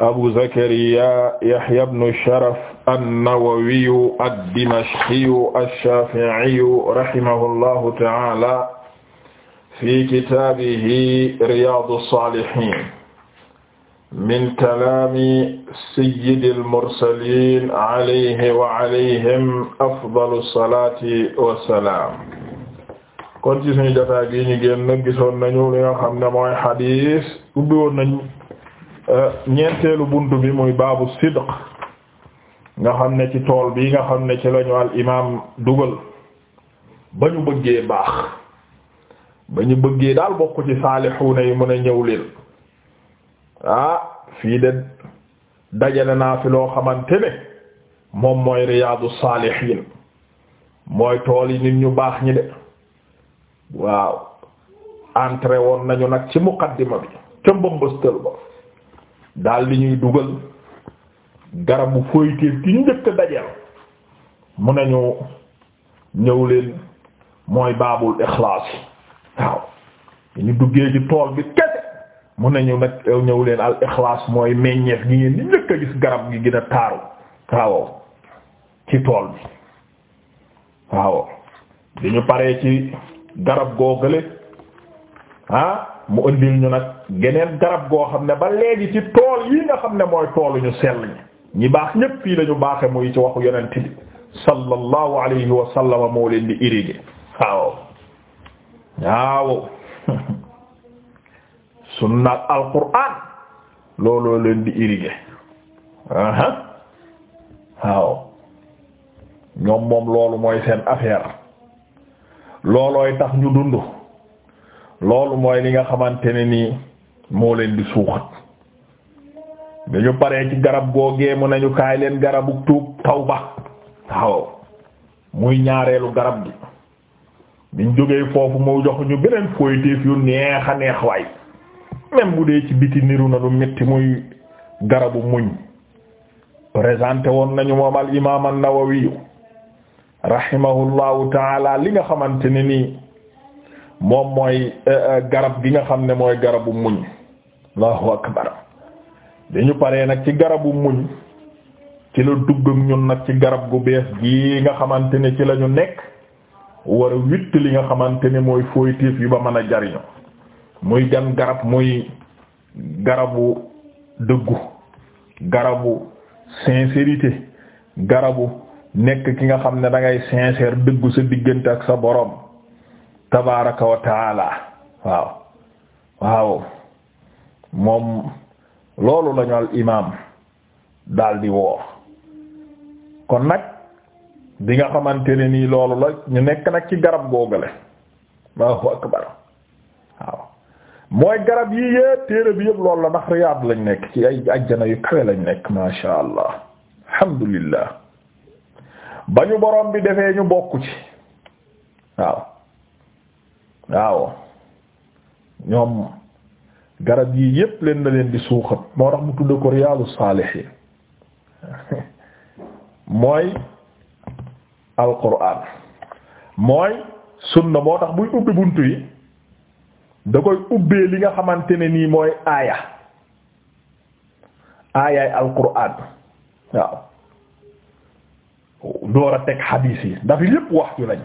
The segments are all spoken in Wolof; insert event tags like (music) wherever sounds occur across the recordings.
abu zakariya yahya ibnu sharaf an-nawawiyu ad-dimashqiyu ash-shafi'iyu rahimahullahu ta'ala fi kitaabihi riyaadu saalihiin min kalaami sayyidil mursaliin alayhi wa alayhim afdalu salaati wa salaam. kon ci suñu jotaay gi ñu génn gisoon nañu li nga xam ne mooy xadiis ubbi woon nañu. Euh, ñeenteelu bunt bi muy baabu sidq nga xam ne ci tool bi nga xam ne ci lañu al dugal ba ñu bëggee baax ba ñu bëggee daal bokk ci saalixuuna yi mën a ñëw leen ah fii de dajale naa fi loo xamante ne moom mooy riyaadu saalixiin mooy tool yi nit ñu baax ñi de waaw entré woon nañu nag ci muqaddima bi ca mbambastal ba daal li ñuy dugal garabu fóoytéef ki njëkk dajeel mu nañu ñëw leen mooy baabul ixlaas waaw ñu duggee ci tool bi kese mu nañu nag ñëw leen al ixlaas mooy meññeef gi ngeen di njëkk a gis garab gi gin a taaru waaw ci tool bi waaw bi ñu paree ci garab googale ah mu ëndil ñu nag geneen garab goo xam ne ba léegi ci tool yi nga xam ne mooy toolu ñu sell ñi ñi baax ñépp fii la ñu baaxe muy ci waxu yonent bi sallallahu alayhi wa moo leen di irriguer waaw waaw (laughs) sunnaat alquran looloo leen di irriguer aha waaw ñoom moom loolu mooy seen affaire loolooy tax ñu dund loolu mooy li nga xamante ne nii moo leen di suuxat bi paree ci garab googee mu nañu kaay leen garabu tuub tawba waaw muy ñaareelu garab gi biñ jógee foofu moo jox ñu beneen foyteef yu neex a neex waay même bu dee ci biti niru na lu metti muy garabu muñ présenté woon nañu moom al imaam an-Nawawi rahimahullahu taala li nga xamante ne nii moom mooy eh, eh, garab gi nga xam ne mooy garabu muñ allahu akbar dañu paree nag ci garabu muñ ci la dugg ñun nag ci garab gu bees gii nga xamante ne ci lañu nekk wara a li nga xamante ne mooy foytiif yi ba mën a jariñu muy gan garab muy garabu dëggu garabu sincérité garabu nekk ki nga xam ne dangay ngay sincère dëggu sa diggante ak sa boroom tabaaraka wa taala waaw waaw moom loolu lañu al imaam daldi woo kon nag bi nga xamante ne nii loolu la ñu nekk nag ci garab googale Allahu akbar waaw mooy garab yii yépp téere bi yépp loolu la ndax Riyaad lañ nekk ci ay ajjana yu kawe lañ nekk ma sha Allah alhamdulillah ba ñu borom bi defee ñu bokk ci waaw waaw ñoom garab yii yépp leen na leen di suuxat moo tax mu tudd ko riyaadu saalihiin mooy alquran mooy sunna moo tax buy ubbi buntu yi da koy ubbee li nga xamante ne nii mooy aaya aayaay alquran waaw door a teg xadiis yi ndax lépp wax yu lañ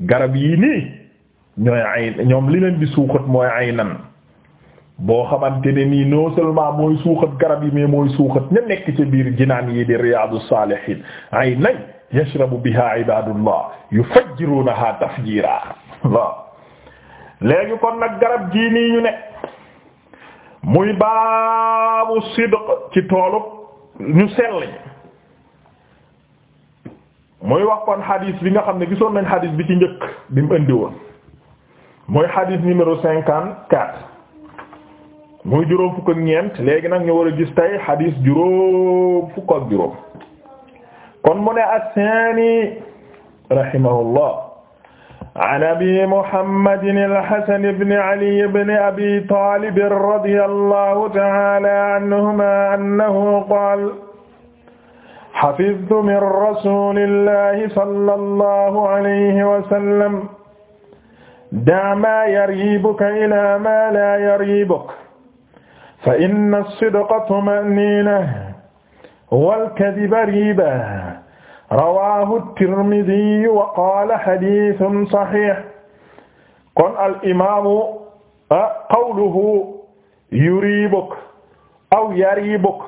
garab yii nii ñooy ay ñoom li leen di suuxat mooy ay nan boo xamante ne nii non mooy suuxat garab yi mais mooy suuxat ña nekk ci biir jinaan yi di riyaadu saalihiin ay nañ yashrabu biha ibaadullah yufajjiruunaha tafjiira waaw léegi kon nag garab gii nii ne muy baabu sidq ci toolub ñu sell muy wax kon xadiis bi nga xam ne gisoon nañ xadiis bi ci njëkk bi mu indi woon mooy xadis numéro cinquante quatre muy juróom fukk ak ñeent léegi nag ñu war a gis tey xadis juróom fukk ak juróom kon mu ne as-saani rahimahullah an abi muhammadin al-hasan ibn ali ibn abi talib radiyallahu ta'ala anhuma annahu qaala hafiztu min rasulillahi sallallahu alayhi wa sallam daa maa yaryibuka ilaa maa laa yaryibuk fa inna as-sidqa tuma'niina wal kadiba riiba rawaahu at-Tirmidhi wa qaala hadiisun sahiih kon al imaamu qawluhu yuriibuk aw yariibuk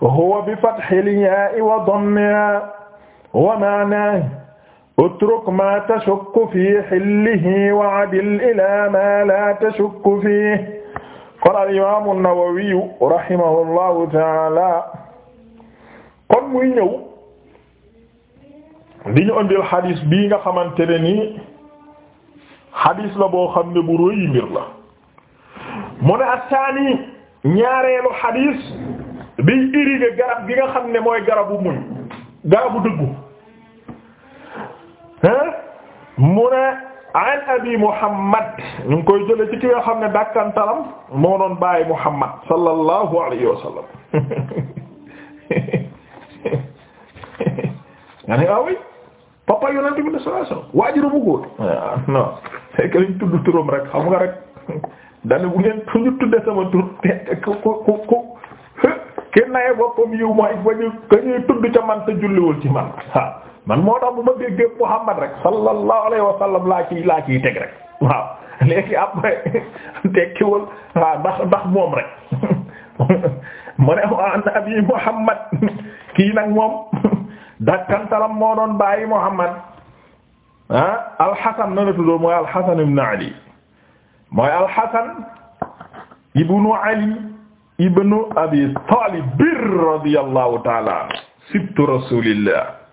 huwa bi fathil yaa'i wa dammihaa wa ma'naahu utruk ma tashukku fi xillihi wa adil ila ma la tashukku fi qaala al imaamu nawawiyu rahimahullahu taala kon muy ñëw di ñu andil xadis bii nga xamante ne nii xadis la boo xam ne bu rëy mbir la mu ne asaani ñaareelu xadis biy irrigué garab gi nga xam ne mooy garabu muñ garabu dëggu mu ne an abi muhammad ñu ngi koy jële ci ki nga xam ne dàkkantalam moo doon bàyyi muhammad sallallahu alayhi wa sallam (laughs) nga ne waaw ah papa yonent bi sallallahu alayhi wa sallam waajur bu góor ah, non fekk lañ tudd turam rek xam nga rek dana bu ngeen fu ñu tudde sama tur ku ku ku ki naye boppam yiw mooy ba ñu ka ñuy tudd ca man te julliwul ci man man moo tax bu ma déggee Muhammad rek sallallahu alayhi wa sallam laa ciy laa ciy teg rek waaw (laughs) léegi après (laughs) tekkiwul waaw ndax ndax moom rek (laughs) mu ne an abi Muhammad kii nag moom dakkantalam moo doon bàyyi Muhammad ah alxasan na la tuddoo mooy alxasan ibn Ali mooy alxasan ibnu Ali ibnu abi Taalib radiyallahu ta'ala sibtu rasulillah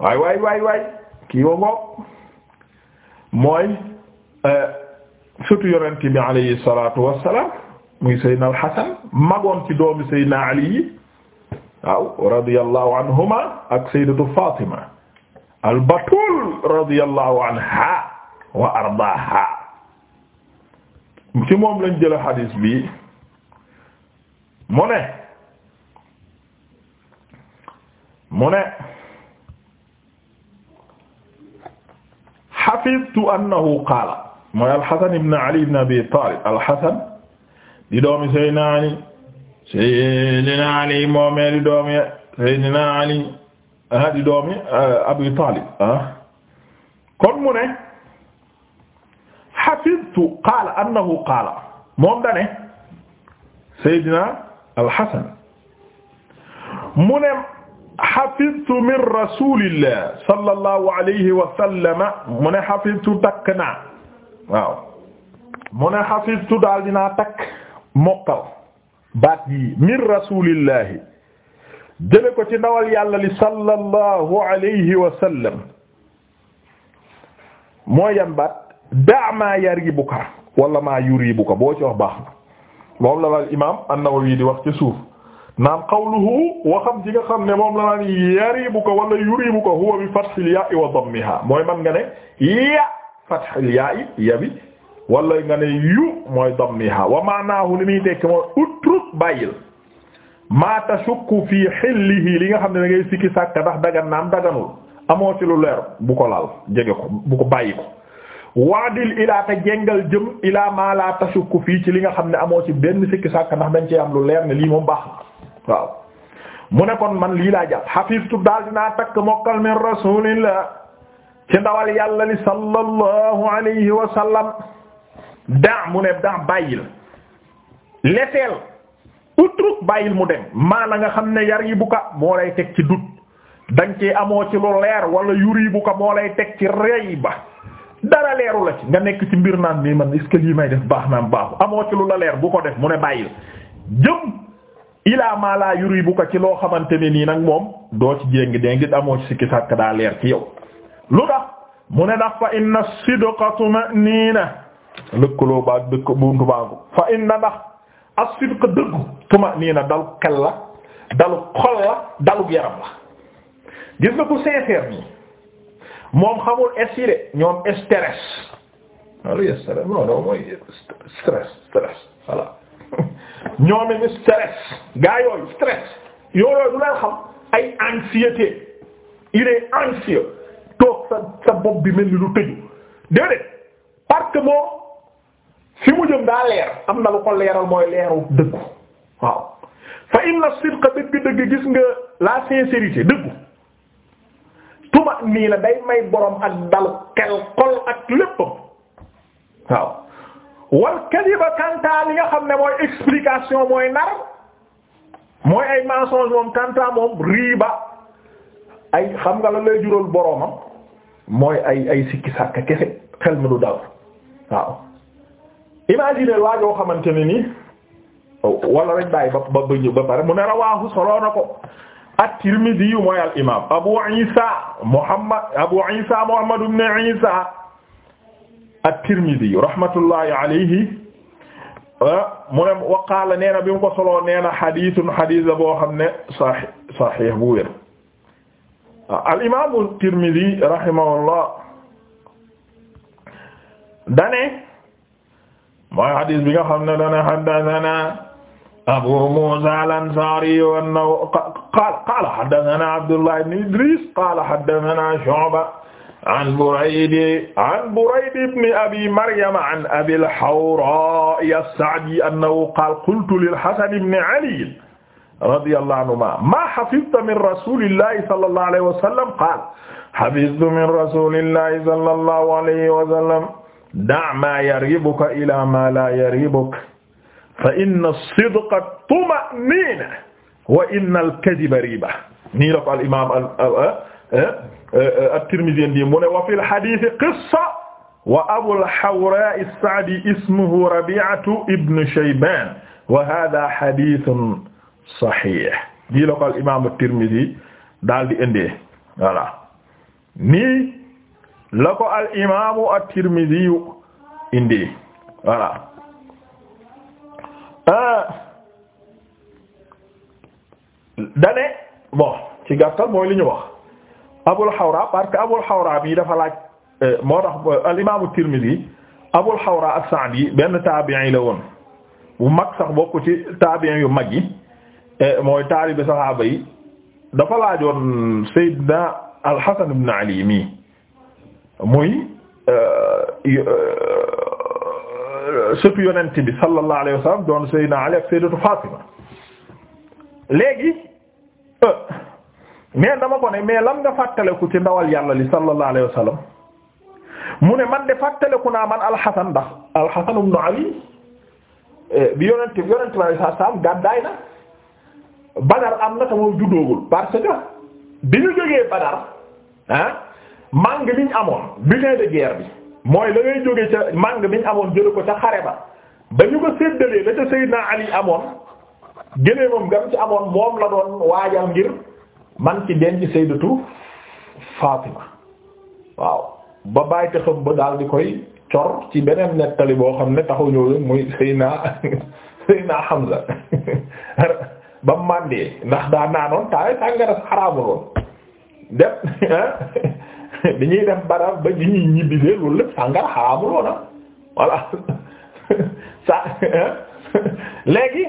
waay waay waay waay kii wa ngoog mooy euh, surtout yonent bi alayhi salaatu wassalaam muy Seydina al-Hasan magoon ci doomi Seydina Ali yi waaw radiyallahu anhuma ak Sayyidatu Fatima al-Batul radiyallahu anha wa ardaaha ci moom lañ jël hadis bi mu ne mu ne xafidtu annahu qaala mooy alxasan ibn ali ibn abi talib alxasan di doomi seydina ali seydina ali moomee di doomi seydina ali ah di doomi ah, abi talib ah kon mu ne xafidtu qaala annahu qaala moom dane seydina alxasan mu ne xafidtu min rasulillah sallallahu alayhi wa sallama mu ne xafidtu takk naa waaw mu ne xafidtu daal dinaa takk mokkal baat yi min rasulillahi jële ko ci ndawal yàlla li sallallahu alayhi wa sallam mooy yan baat daa maa yaribuka wala maa yuribuka boo ci wax baax na loolu la al imaam an-Nawawi di wax ci suuf naam qawluhu waxam ji nga xam ne moom la naan yaribuka wala yuribuka huwa bi fathil ya'i wa dammiha mooy man nga ne ya fathil ya'i yabi wala nga ne yu mooy dammiha wa maanaahu li muy tekki mooy utruk bàyyil maa tashukku fii xillihi li nga xam ne da ngay sikki sàkka ndax dagan naam daganul amoo ci lu leer bu ko laal jege ko bu ko bàyyi ko waadil ilaa te jengal jëm ilaa maa laa tashukku fii ci li nga xam ne amoo ci benn sikki sàkka ndax dañ ci am lu leer ne lii moom baax waaw mu ne kon man lii laa jàpp xafistu daal dinaa takk mokkal min rasulillah ci ndawal yàlla li sallallahu alayhi wa sallam daa mu ne daa bàyyil leseel utruk bàyyil mu dem la nga xam ne yar yi bu ka moo lay teg ci dut dañ ci amoo ci lu leer wala yuri bu ka moo lay teg ci rey ba dara leeru la ci nga nekk ci mbir naan nii man est-ce que lii may def baax naam baaxu amoo ci lu la leer bu ko def mu ne bàyyil jëm ilaa maa laa yuribuka ci loo xamante ne nii nag moom doo ci jéng déngi amoo ci sikki sàkk daa leer ci yow lu tax mu ne ndax fa inna sidqa tumaniina lëkkaloo baa dëkk buntu baangu fa inna ndax as-sidqa dëggu tumaniina dalu xel la dalu xol la dalu yaram la gis nga ku sincère nii moom xamul estiré ñoom stress stress non (laughs) ñoomi ni stress gaa yooyu stress yooyu du leen xam ay anxiété il est anxieux toog sa sa bopp bi mel ni lu tëju déedéet parce que moom fi mu jëm daa leer am na lu ko leeral mooy leeru dëggu waaw fa inna sidqa dëgg-dëgg gis nga la sincérité dëggu tuma nii day may borom ak dalu xel xol ak lépp waaw wal kadiba kanta li nga xam ne mooy explication mooy nar mooy ay mensonge moom kanta moom riiba ay xam nga la lay jural boromam mooy ay ay sikki sàkk kese xel mi du dal waaw imagine xamante ne nii wala rek bàyyi ba ba ba pare mu ne rawaahu soloo na ko at-Tirmidhi mooy al imam Abu Isa Muhammad Abu Isa Muhammad ibn Isa at-Tirmidhi rahmatullahi alayhi ah, mu ne waqaala nee na bi mu ko soloo nee na xadiisun xadiis la boo xam ne saxi saxiix bu wér al imaamu at-Tirmidhi rahimahullah dane mooy xadiis bi nga xam ne dane haddathana Abu Muusa al-Ansaari wa qaala haddathana Abdullah ibn Idris qaala haddathana Shu'ba an Burayd an Burayd ibn Abi Maryam an Abil Hawraa as-Sa'di annahu qaala qultu lil Hasan ibn Ali radiyallahu anhumaa maa hafizta min rasuulillahi sallallahu alayhi wa sallam qaala hafiztu min rasuulillahi sallallahu alayhi wa sallam da' maa yariibuka ilaa maa laa yariibuka fa inna as-sidqa tuma'niina wa inna al-kadiba riiba nii la ko al imaam eh, eh, Euh, at-Tirmidhi ndi mu ne wa fil hadith qissa wa Abul Hawraa as-Sa'di ismuhu Rabi'atu ibn Shayban wa hadha hadithun sahih di la ko al imaam at-Tirmidhi daal di indee voilà nii la ko al imaamu at-Tirmidhi indee voilà euh, dane bon ci gàttal mooy li ñu wax abul xawra parce que abul xawra bi dafa laaj euh, moo tax euh, al imaamu Tirmidhi abul xawra as-Sa'di taabi'i la woon mag sax bokk taabi'i yu mag yi euh, mooy taalibi saxaaba yi dafa laajoon Seydina al-Hasan ibn Ali mi muy sëtu yonent bi sallallahu Ali ak Sayyidatu Fatima léegi. mais dama ko ne mais lan nga fàttaleku ci ndawal yàlla li sallallahu alayhi mu ne man de fàttaleku naa man alxasan ndax alxasan ibnu ali eh, bi yonent bi yonent bi saa saam gàddaay na badar am na te moom juddoogul parce que bi ñu jógee badar ah màng bi ñu amoon butin de guerre bi mooy la ngay jógee ca màng bi amoon jële ko ca xare ba ba ko séddalee la ca Seydina Ali amoon génne moom gam ci amoon moom la doon waajal ngir man ci denc sayyidatu Fatima waaw ba bàyyi xam ba daal di koy cor ci beneen nettali boo xam ne taxu ñëw muy Seyna Seyna (laughs) Hamza (laughs) ba màndee ndax daa naanoon taawee sàngara xaraamu loon def (laughs) bi ñuy def barab ba ñuy ñibbisee loolu lépp sàngara xaraamu loon ah voilà sa léegi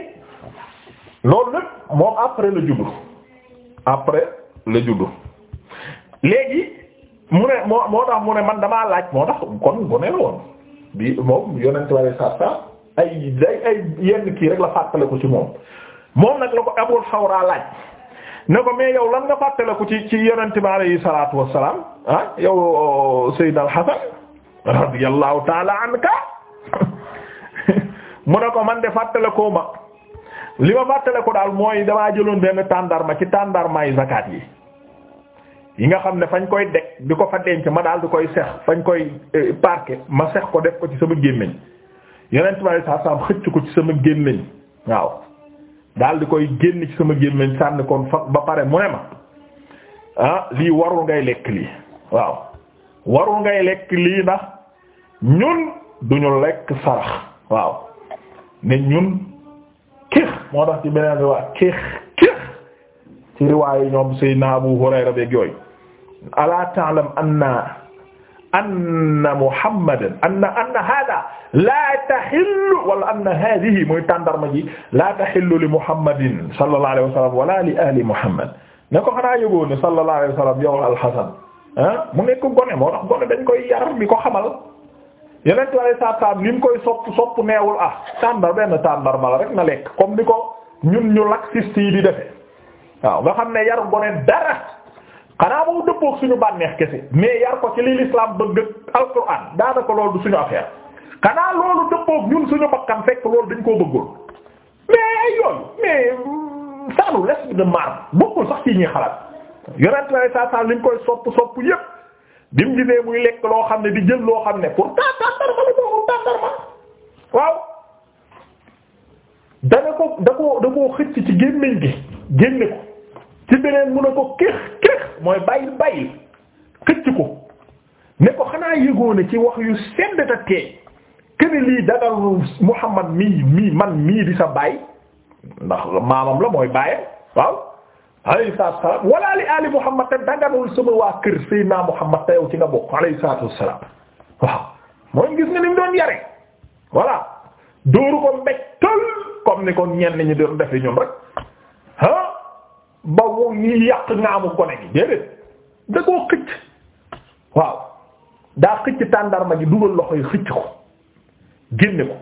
loolu lépp moom après la juddu après la juddu léegi mu ne moo moo tax mu ne man damaa laaj moo tax kon gone la woon bi moom yonent ware sar sa ay ay yenn kii rek la ku ci moom moom nag la ko abul xawraa laaj ne ko mais yow lan nga ku ci ci yonent bi alayhi salaatu wassalaam ah yow oh, Seydina al-Hasan radiyallahu ta'ala anka (laughs) mu ne ko man de fàttalikoo ma li ma fàttale ko daal mooy damaa jëloon benn tàndarma ci tàndarmaayu zakat yi yi nga xam ne fañ koy deg di ko fa denc ma daal di koy seex fañ koy eh, parquer ma sex ko def ko ci sama gémmiñ yeneen ma saa saam xëcc ko ci sama gémmiñ waaw daal di koy génn ci sama gémmiñ sànni kon fa ba pare mu ne ma ah lii warul ngay lekk lii waaw warul ngay lekk lii ndax ñun duñu lekk sarax waaw ne ñun kéex moo tax ci beneen riwaay kéex kéex ci riwaayu ñoom Seydina Abu Hurayra beeg yooyu ala ta'lam anna anna Muhammadan anna anna hada laa taxillu wala anna hadihi muy tàndarma ji laa taxillu li Muhammadin sallallahu alayhi wa sallam wala li ahli Muhammad ne ko xanaa yëgoon ne sallallahu alayhi wa sallam yow al Hasan ah mu nekk gone moo tax gone dañ koy ko xamal. yeneen tubaab yi saa taam ni koy sopp sopp neewul ah tàndar benn tàndar ma la rek na lekk comme ni ko ñun ñu laxiste yi di defe waaw nga xam ne yar gone dara xanaa moom dëppook suñu bànneex kese mais yar ko ci li l'islam bëgg alquran daanaka loolu du suñu affaire xanaa loolu dëppook ñun suñu bakkan fekk loolu dañ koo bëggoon mais ay yoon mais euh, saalu les de maar bokkul sax ci ñuy xalaat yonent tubaab yi saa taam ni koy sopp sopp yépp bi mu gisee muy lekk loo xam ne di jël loo xam ne pour tàndarma la boobu tàndarma waaw dana ko da ko da koo xëcc ci gémmiñ gi génne ko ci beneen mun a ko kéex kéex mooy bàyyil bàyyil xëcc ko ne ko xanaa yëgoo ne ci wax yu sedd ta tee lii dagal Muhammad mii mii man mii di sa baay ndax maamam la mooy baayam waaw alayhi salaatu li ali Muhammad te daganul sama waa kër Seydina Muhammad te yow ci nga bokk alayhi salaatu waaw mooy gis nga ni doon yare voilà dóoru ko mbégtal comme ni ko ñenn ñi doon defe ñoom rek ah ba wu ñuy yàq ngaamu gone gi déedéet da koo xëcc waaw daa xëcc tàndarma ji dugal loxo yi xëcc ko génne ko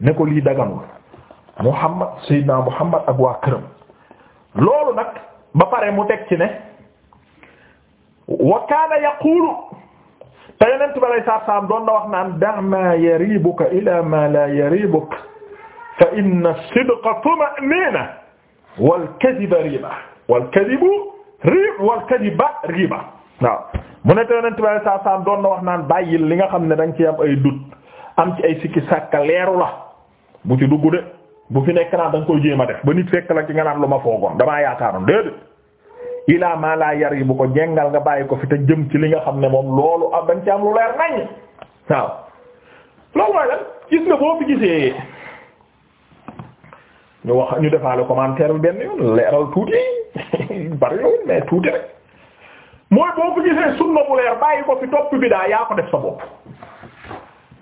ne ko lii daganul Muhammad Seydina Muhammad ak waa këram. loolu nag ba pare mu teg ci ne wa kaana yaqulu te doon na wax naan da' ma yaribuka ila ma la yaribuk fa inna sidqa tuma'nina wal kadhiba riba wal kadhibu riba wal kadhiba riba waaw mu ne te yonent bi na wax naan bàyyil li nga xam ne da nga am ay dut am ci ay sikki sàkka leeru la bu bu fi nekk naan da nga koy jéem a def ba nit fekk la ci nga naan lu ma foogoon damaa yaakaaroon déedéet ilaa maa laa yar yi bu ko jengal nga bàyyi ko fi te jëm ci li nga xam ne moom loolu am dañ ci am lu leer nañ waaw loolu mooy lan gis nga (laughs) tuuti rek mooy boo fi gisee sunna bu leer bàyyi ko fi topp bidaa yaa ko def sa bopp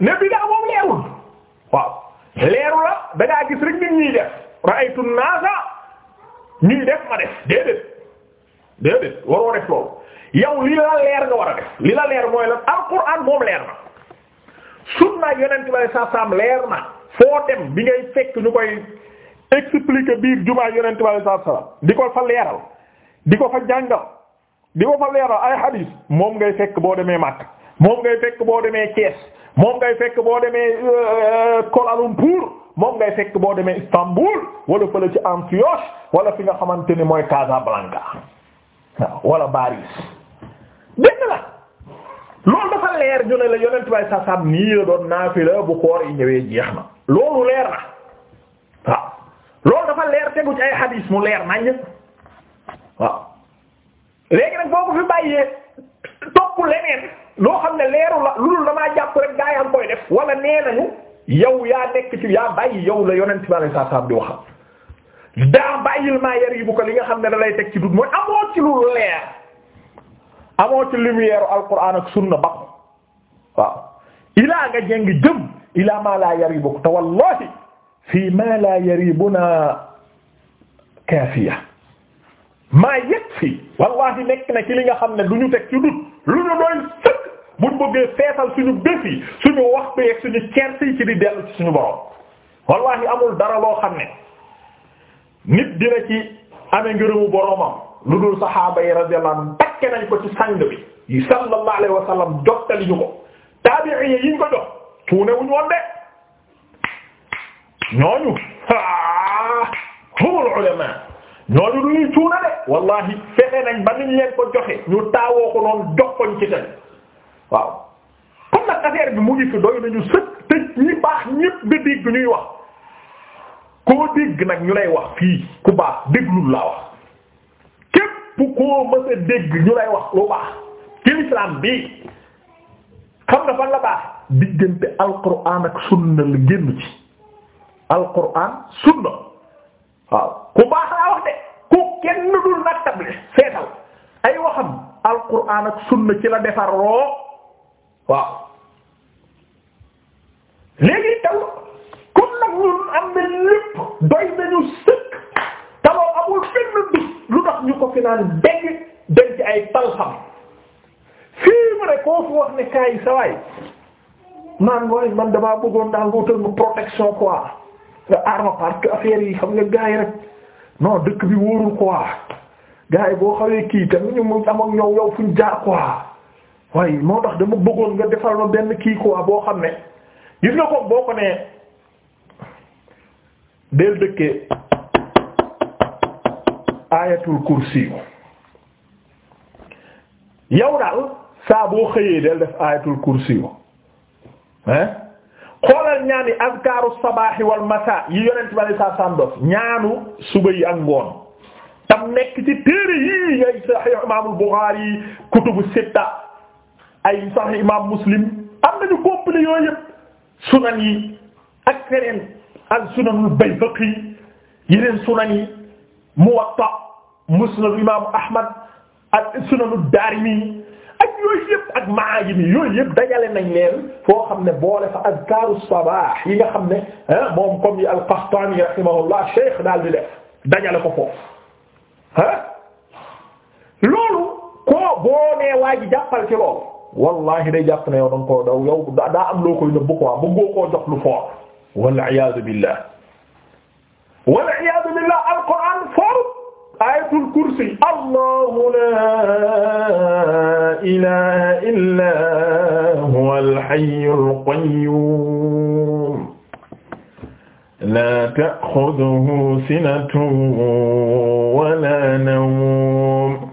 ne bidaa moom leerul waaw leeru la da ngaa gis rek nit ñuy def ra'aytu naasa ñuy def ma def déedéet déedéet waroo def loolu yow li la leer nga war a def li la leer mooy lan alquran moom leer na sunna yonent ba saa saam leer na foo dem bi ngay fekk ñu koy expliquer biir jumaa yonent ba saa saam di ko fa leeral di ko fa jàngal di ko fa leeral ay hadith moom ngay fekk boo demee Makka moom ngay fekk boo demee Thiès moom ngay fekk boo demee euh, Kuala Lumpur moom ngay fekk boo demee Istanbul wala fële ci Antioche wala fi nga xamante ni mooy Casablanca wala Paris benn la loolu dafa leer ñu ne la yonent bay sasam la doon naafila bu koor yi ñëwee jeex na loolu leer na waaw loolu dafa leer tegu ci ay hadith mu leer nañ waaw léegi nag boo fi bàyyee topp leneen loo xam ne leeru la lu dul damaa jàpp rek gaa yi def wala nee nañu yow yaa nekk ci yaa bàyyi yow la yonent bi alayhi salaam di wax daa bàyyil maa yar yi bu ko li nga xam ne da lay teg ci dut mooy amoo ci lu leer amoo ci lumière alquran ak sunna ba waaw ilaa nga jeng jëm ilaa maa laa yar yi bu ko te wallahi fii maa laa yar yi bu naa kaafiya maa yegg fii wallahi nekk na ci li nga xam ne du ñu teg ci dut lu ñu doy buñ bëggee feesal suñu bés yi suñu waxtu yeeg suñu kersi yi ci di dellu ci suñu borom wallahi amul dara loo xam ne nit dina ci amee ngërëmu boromam lu dul saxaaba yi radiyallahu anhum takke nañ ko ci sang bi yi sallallahu alayhi wa sallam jottali ñu ko taabi'i yi ñu ko jox tuune wuñu woon de ñooñu humul ulama ñooñu lu ñuy tuuna de wallahi fexe nañ ba niñ leen ko joxe ñu taawoo ko noonu jox ko ñu ci tamit waaw kon nag affaire bi mu ngi doy nañu sëkk te ñi baax ñépp nga dégg ñuy wax koo dégg nag ñu lay wax fii ku baax déglul laa wax képp koo mës dégg ñu lay wax lu baax ci lislaam bi xam nga fan la baax diggante alquran ak sunna la génn ci alquran sunna waaw ku baax laa wax de ku kenn dul nag table seetal ay waxam alquran ak sunna ci la defar waaw léegi taw comme nag ñun am na lépp doy nañu sëkk taloo amul fenn bi lu tax ñu ko fi naan dégg denc ay palxam fii mu koo fu wax ne kaay sawaay man mooy man damaa bëggoon daal wutal mu protection quoi nga arme parce que affaire yi xam nga gaay rek non dëkk bi wóorul quoi gaay boo xawee kii tamit ñu mu am ak ñoom yow fuñ jaar quoi waaye moo tax dama bëggoon nga defal benn kii quoi boo xam ne gis nga ko boo ko nee del dëkkee ayatul kursi yow daal saa boo xëyee del def ayatul kursi hein xoolal ñaani azkaaru sabaaxi wal masaa yi yonent ba saa sàndof ñaanu suba yi ak ngoon tam nekk ci téere yii yay Sahih Imaamul Buxaari kutubu sitta ay sax imam muslim am nañu complet yooyu yëpp sunan yi ak feneen ak sunanul bayhaqi yeneen sunan yi muwatta musnad imam ahmad ak sunanul daarimi ak yooyu yëpp ak maajimi yooyu yëpp dajale nañ leen foo xam ne boole fa azkaaru sabaax yi nga xam ne ah moom comme yi al-Qahtani rahimahullah cheikh daal di def dajale ko foofu ah loolu koo boo nee waa ji jàppal ci loolu wallahi day jàpp ne yow da nga koo daw yow daa am loo koy nëbbu quoi bëggoo koo jox lu fort wal iyaadu billah wal iyaadu billah alquran fort ayatul kursi allahu la ilaha illa huwa alhayyul qayyum la ta'khudhuhu sinatun wala nawm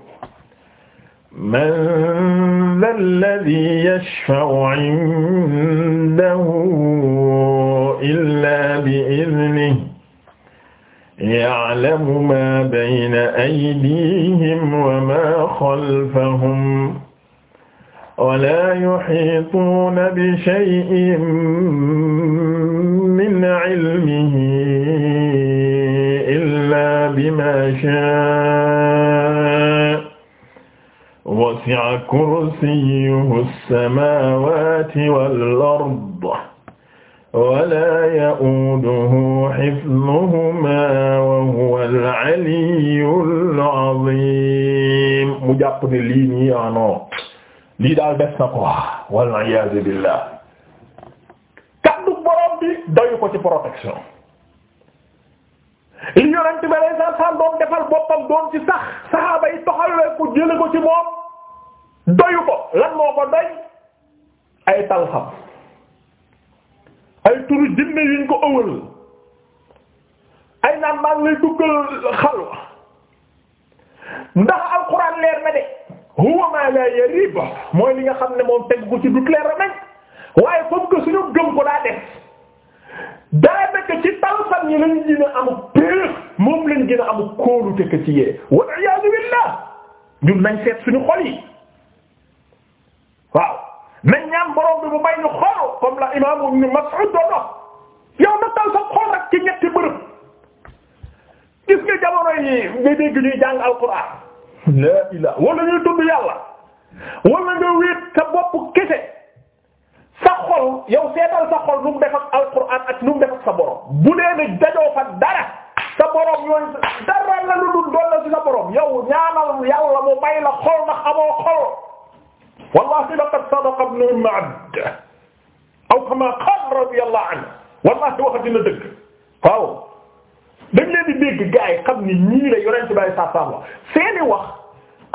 man dha alladhi yashfa'u 'indahu illa bi idhnihi ya'lamu ma bayna aydihim wa ma khalfahum wa la yuhituna bi shay'in min 'ilmihi illa bima sha'a wasi'a kursiyyuhu as-samaawaati wal arda wa laa ya'uuduhu hifzuhumaa wa huwa al-'aliyyul 'aziim mu jàpp ne lii nii non lii daal des na quoi wal iyaazu billaah kaddu borom bi doyu ko ci protection li yonent bi alayhi salaam doon defal boppam doon ci sax saxaaba yi toxal ko jële ko ci moom doyu ko lan moo ko doy ay talxam ay turu jinne yuñ ko ëwal ay naan maa ngi lay xalwa ndax alquran leer na de ma la yarib mooy li nga xam ne moom teg ko ci dut leer na nañ waaye comme que suñu gëm ko daa def daa talxam yi lañ gën a amu péex moom lañ gën a amu kóolute ci yee wal iyaadu billah ñun nañ seet suñu xol yi waaw nañ ñaan borom bi mu may ñu xol comme la imaamu Ibn Mas'ud doon wax yow nattal sa xol rek ñetti bërëb gis nga jamono yi nga dégg ñuy jàng alquran la ilaha wala ñuy tudd yàlla wala nga wéet sa bopp kese sa xol yow seetal sa xol nu mu def ak alquran ak nu mu def ak sa borom bu dee ne dajoo fa dara sa borom yooyu dara la lu dul doon la ci sa borom yow ñaanal yàlla mu may la xol ndax amoo xol. wallahi laqad sadaqa ibn umm abd aw kama qala radiyallahu anhu wallahi wax dina dëgg waaw dañ leen di dégg gaa yi xam ni ñii la yonent bi saa saa wax seeni wax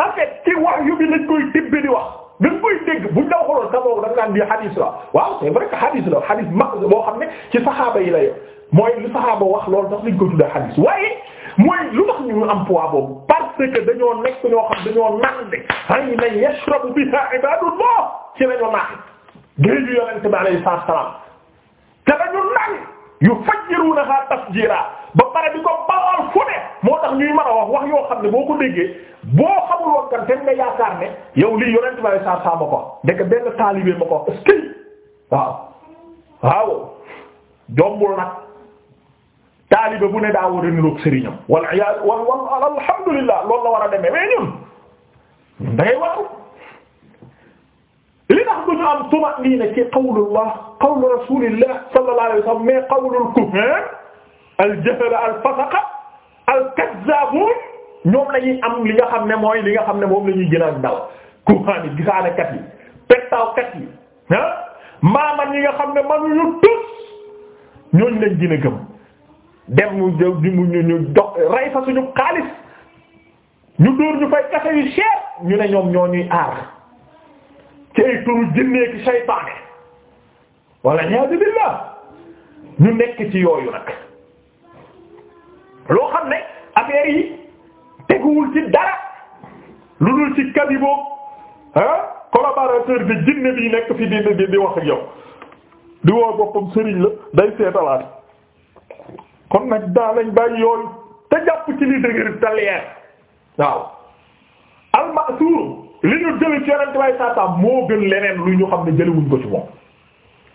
en fait ci wax yu bi lañ koy tibbi wax dañ koy dégg buñ la waxoon sa bopp da nga naan di hadith la waaw c'est vrai que hadith la hadith mag boo xam ne ci saxaaba yi la yor mooy lu saxaaba wax loolu tax lañ koy tudde hadith waaye mooy lu tax ñu am poids boobu parce que dañoo nekk ñoo xam dañoo naan de ay na yashrabu biha ibadullah ci lañu naan géeju yonent bi alayhi salaam te dañu naan yu fajjirunaha tafjira ba pare di ko bawal fu ne moo tax ñuy mën a wax wax yoo xam ne boo ko déggee boo xamul woon kan ten nga yaakaar ne yow lii yonent bi alayhi salaam ma ko ndeke benn taalibe ma ko est waaw waaw jombul nag taalibe bu ne daa war a niroog sëriñam wal iyaadu wal wal alhamdulillah loolu la war a demee mais ñun da ngay waaru li tax du ñu am tuma'niina ci qawlullah qawlu rasulillah sallallahu alayhi wa sallam mais qawlul kuhaan al jahala al fasaqa al kazzaabuun ñoom la ñuy am li nga xam ne mooy li nga xam ne moom la ñuy gën a ndaw kuhaan yi gisaane kat yi pettaaw kat yi ah maaman yi nga xam ne mënuñu tus ñooñu lañ gën a gëm. dem mu jë mu ñu ñu jox rey fa suñu xaalis ñu dóor ñu fay kase yu cher ñu ne ñoom ñoo ñuy aar ci ay turu jinne ki saytaane walla ñaari ñu nekk ci yooyu nag loo xam ne affaire yi teguwul ci dara lu dul ci kadiboo ah collaborateur de jinne bi nekk fi di di di wax ak yow di woo boppam sëriñ la day seetalaat kon nag daa lañ bàyyi yooyu te jàpp ci li dëgër te leer waaw almasuur li ñu jëli ci yonent way saa moo gën leneen lu ñu xam ne jëliwuñ ko ci moom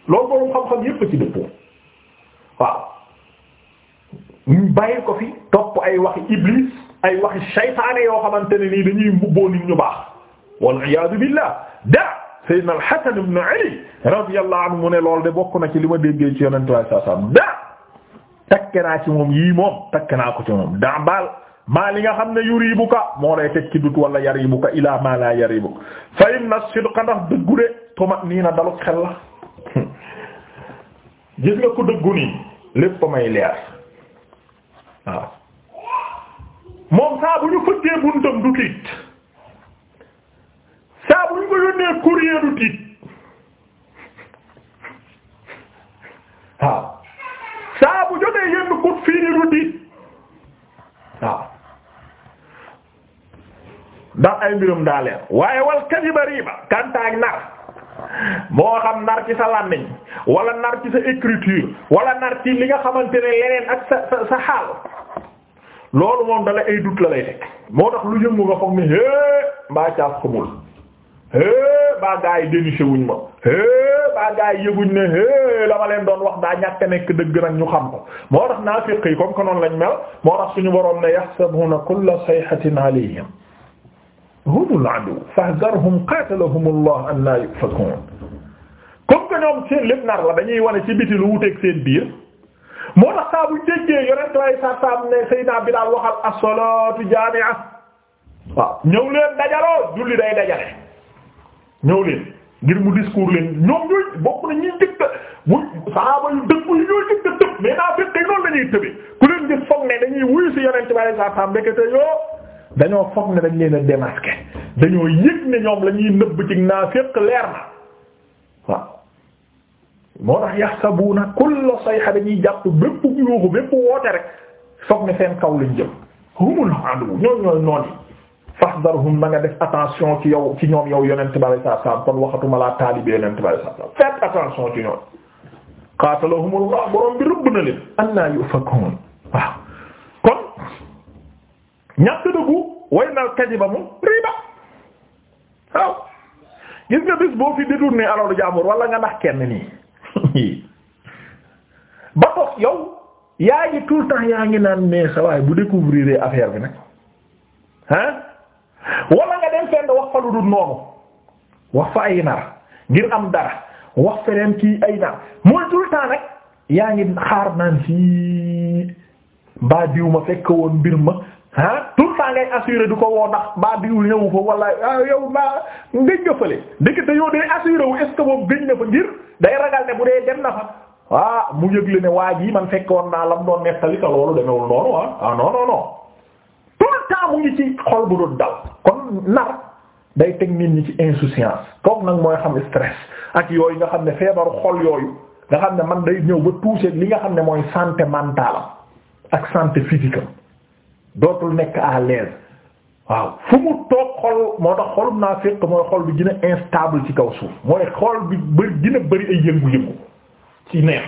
loolu boroom xam-xam yépp ci dëppoo waaw ñu ko fi topp ay waxi iblis ay waxi saytaane yoo xamante ne nii dañuy mbubboo nit ñu baax wal iyaadu billah da sayyidina al-Hasan ibn Ali radiyallahu anhu mu ne loolu de bokk na ci li ma déggee ci yonent way saa da takke naa ci moom yii moom takk naa ko ci moom daa baal maa li nga xam ne yuribuka moo lay teg ci dut wala yaribuka ilaa maa laa yaribuka fa inna sidqa ndax dëggu de toma nii na daluk xel la (laughs) gis nga ku dëggu nii lépp may leer waaw moom saa ñu fëttee buntam du tiit saa ñu ko yónnee courrier tiit (laughs) waaw fii ni du tiit waaw ndax ay mbirum daa waaye wal kadiba riiba kantaag nar moo xam nar ci sa làmmiñ wala nar ci sa écriture wala nar ci li nga xamante ne leneen ak sa sa sa xaal loolu moom dala ay doute la lay teg moo tax lu yëngu nga foog ni é mbaa caaf xamul baa gaa yi déniché wuñ ma baa gaa yi ne é la ma leen doon wax daa ñàkk nekk dëgg nag ñu xam ko moo tax naafiq yi comme que noonu lañ mel moo tax suñu boroom ne yahsabuna kulla sayhatin alayhim humul adu fahzarhum qatalahum allah anna yufakun comme que seen lépp nar la dañuy wane ci biti lu wuteeg seen biir moo tax saa bu jéggee yonent lay sa saam ne Seydina Bilaal waxal as-salaatu jaami'a waaw ñëw leen dajaloo julli day dajale ñëw leen ngir mu discours leen ñoom ñooy bokk na ñuy njëkk a bu saaba yu dëkk yu ñooy njëkk tëb mais naa fekk tey noonu la ñuy ku leen gis foog ne dañuy wuyu ci yonent bi alayhi salaam ndekete yoo dañoo foog ne dañ leen a dañoo yëg ne ñoom la ñuy nëbb ci naafiq leer na waaw. moo tax yahsabuna kulla sayha dañuy jàpp bépp yuuxu bépp woote rek foog ne seen kaw lañ jëm humul adu ñooñu ñooy noon yi fahdarhum na nga def attention ci yow ci ñoom yow yonent bi saa saa kon waxatuma laa taalibe yonent bi saa saa faites attention ci ñoom. qatalahumullah borom rëbb na leen anna yufakun waaw kon ñàkk dëggu way nal kadiba riba waaw gis nga bis boo fi détourné alalu jàmbur wala nga ndax kenn nii (laughs) ba toog yow yaa ngi tout yaa ngi naan mais sa waay bu découvrir affaire bi nag ah wala nga dem fenn wax fa lu dul noonu wax fa ay nar ngir am dara wax feneen kii ay nar mooy tout le temps nag yaa ngi xaar naan si baa diw ma fekk woon mbir ma ah tout le ngay assuré du ko woo ndax baa diw ñëwu fa wala ah, yow maa ngëj nga fële ndekete yow day assuré wu est ce que moom fa ngir day ragal ne bu dee dem na fa ah mu yëgle ne waa ji man fekk woon naa lam doon nettali te loolu demewul noonu ah ah tant mu ngi ci xol bu dul daw kon nar day teg nit ñi ci insouciance kooku nag mooy xam stress ak yooyu nga xam ne feebaru xol yooyu nga xam ne man day ñëw ba touché li nga xam ne mooy santé mentale am ak santé physique am dootul nekk à l'aise waaw fu mu toog xol moo tax xolum naa fekk mooy xol bi gën instable ci kaw suuf mooy xol bi bëri gën a bëri ay yëngu-yëngu ci neex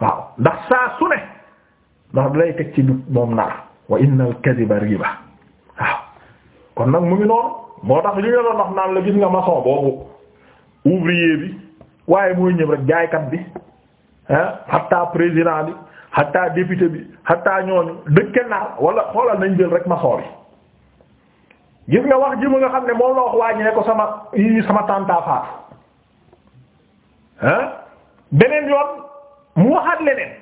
waaw ndax saa su ne ndax dalay teg ci moom nar wa innal kadhiba riba waaw kon nag mu ngi noonu moo tax li nga doon naan la gis nga maçon boobu ouvrier bi waaye mooy ñëw rek jaaykat bi ah hatta président bi hatta député bi hatta ñooñu dëkke nar wala xoolal nañ jël rek maçon bi. gis nga wax ji nga xam ne moom la wax waa ko sama yi sama tànta faatu ah? beneen yoon mu waxaat leneen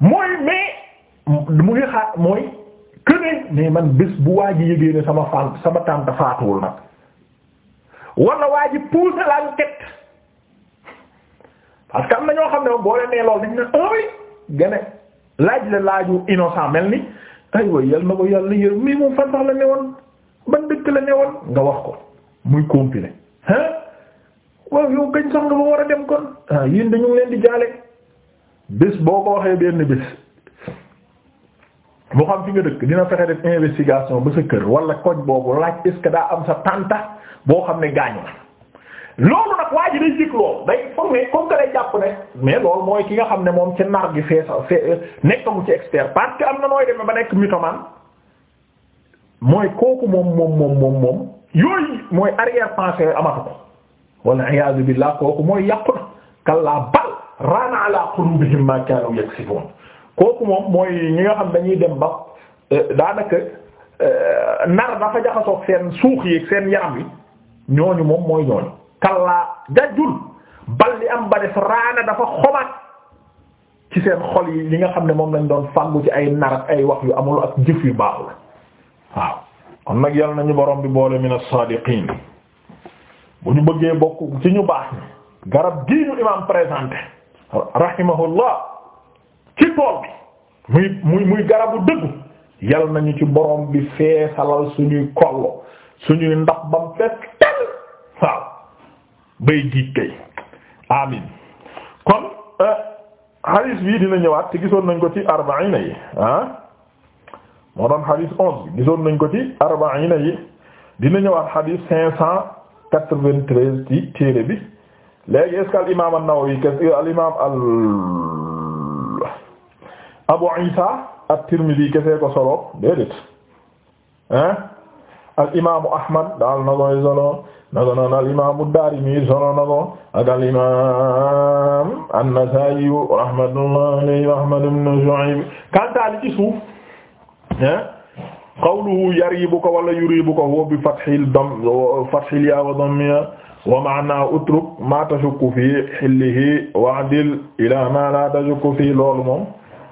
mooy mais mu ngi xaar mooy këne mais man bés bu waa ji yëgee sama fan sama tànt faatuwul nag wala waa ji pousser l'enquête parce que am na ñoo xam ne moom boo leen nee loolu dañ ne ah ooy gane laaj la laaju innocent mel ni aywa yal na ko yàlla yër mii moom fan sax la newoon ban dëkk la newoon nga wax ko muy compilé hein waaw yow gañ sax nga war a dem kon ah yéen dañu ngi leen di jaale bés boo ko waxee benn bés mu xam fi nga dëkk dina fexe def investigation ba sa kër wala koñ boobu laaj est daa am sa tanta boo xam ne gaañu na loolu nag waa ji day jëkk loolu day foog comme que day jàpp ne mais loolu mooy ki nga xam ne moom ci nar gi fee sa fee euh, nekk mu ci expert parce que am na nooy demee ba nekk mythomane mooy kooku moom moom moom moom moom yooyu mooy arrière pensée amatu ko wala iyaazu billah kooku mooy yàqu na kallaa bal raana ala qulubihim ma kaanu yaksibun kooku moom mooy ñi nga xam dañuy dem ba euh, daanaka euh, nar dafa jaxasoog seen suux yi seen yaram yi ñooñu moom mooy ñooñu kallaa jajjul bal li am ba def raana dafa xomaat ci seen xol yi li nga xam ne moom lañ doon fàngu ci ay nar ak ay wax yu amul ak jëf yu baaxul waaw kon nag yàlla nañu borom bi boole min as-sadiqin bu ñu bëggee bokk ci ñu baax garab gii ñu imam présenté ci tool bi muy muy muy garabu dëggu yal nañu ci borom bi feesalal suñuy kollo suñuy ndax bam fees tell waaw bay diig kay amin kon xadiis eh, bii dina ñëwaat te gisoon nañ ko ci arbaina yi ah moo doon xadiis onze bi gisoon nañ ko ci arbaina yi dina ñëwaat xadiis cinq cent quatre-vingt-treize ci téere bi léegi est-ce que al imaam an al imaam al Abu Isa at-Tirmidhi kese ko solo déedéet ah al imaamu Ahmad daal na koy solo na ko noonu al imaamu Daarimi solo na ko ak al imaam an-Nasaa'i rahmatullahi alayhi Ahmad ibn Shu'ayb kantaali ci suuf ah. qawluhu yaribuka wala yuribuka huwa bi fathil dam fathil yaa wa dammiha wa ma'na utruk ma tashukku fi hillihi wa'dil ila ma la tashukku fi loolu moom.